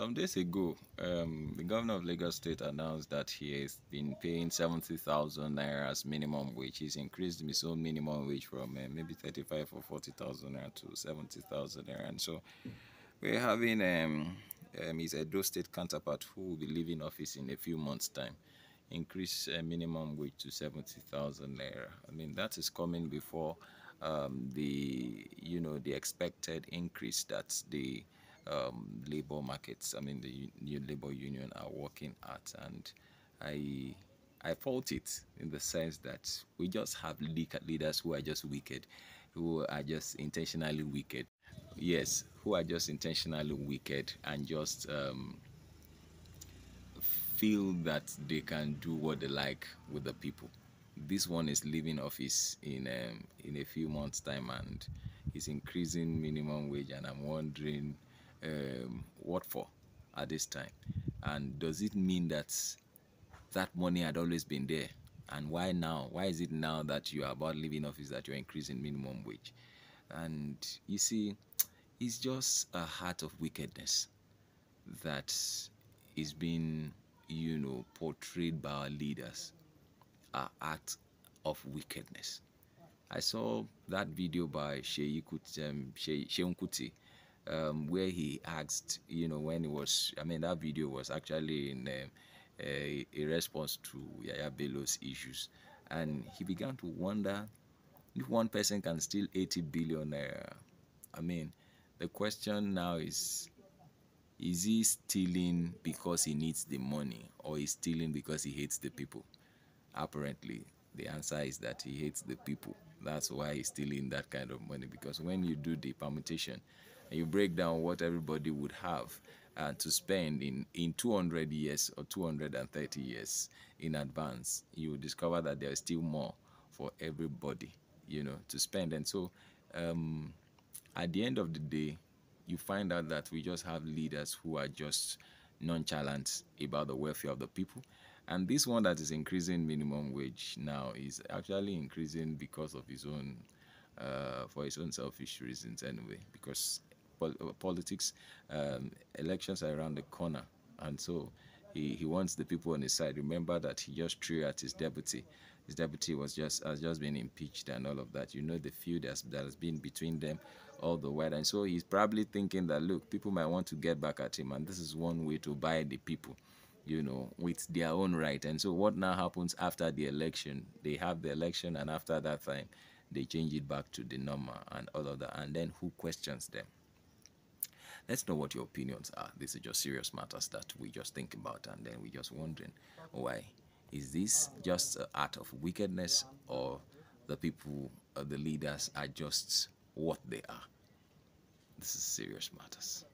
Some days ago, um, the governor of Lagos State announced that he has been paying 70,000 naira as minimum wage. He's increased his own minimum wage from uh, maybe 35 or 40,000 naira to 70,000 naira. And so we're having um, um, his Edo State counterpart who will be leaving office in a few months' time increase uh, minimum wage to 70,000 naira. I mean, that is coming before um, the, you know, the expected increase that the um, labor markets, I mean, the new labor union are working at. And I I fault it in the sense that we just have leaders who are just wicked, who are just intentionally wicked. Yes, who are just intentionally wicked and just um, feel that they can do what they like with the people. This one is leaving office in um, in a few months' time and is increasing minimum wage, and I'm wondering um, what for at this time? And does it mean that that money had always been there? And why now? Why is it now that you are about leaving office that you're increasing minimum wage? And you see, it's just a heart of wickedness that is being, you know, portrayed by our leaders. Our act of wickedness. I saw that video by Sheikh um, Kuti um, where he asked, you know, when it was, I mean, that video was actually in um, a, a, response to Yaya Bello's issues. And he began to wonder if one person can steal 80 billion billionaire. I mean, the question now is, is he stealing because he needs the money or is stealing because he hates the people? Apparently, the answer is that he hates the people. That's why he's stealing that kind of money because when you do the permutation, you break down what everybody would have uh, to spend in, in 200 years or 230 years in advance, you discover that there is still more for everybody, you know, to spend. And so um, at the end of the day, you find out that we just have leaders who are just nonchalant about the welfare of the people. And this one that is increasing minimum wage now is actually increasing because of his own, uh, for his own selfish reasons anyway, because uh, politics, um, elections are around the corner, and so he, he wants the people on his side. Remember that he just threw at his deputy. His deputy was just has just been impeached and all of that. You know the feud that has been between them all the while, and so he's probably thinking that look, people might want to get back at him, and this is one way to buy the people you know, with their own right. And so what now happens after the election? They have the election and after that time they change it back to the normal and all of that. And then who questions them? Let's know what your opinions are. These are just serious matters that we just think about and then we're just wondering why. Is this just an act of wickedness or the people, or uh, the leaders are just what they are? This is serious matters.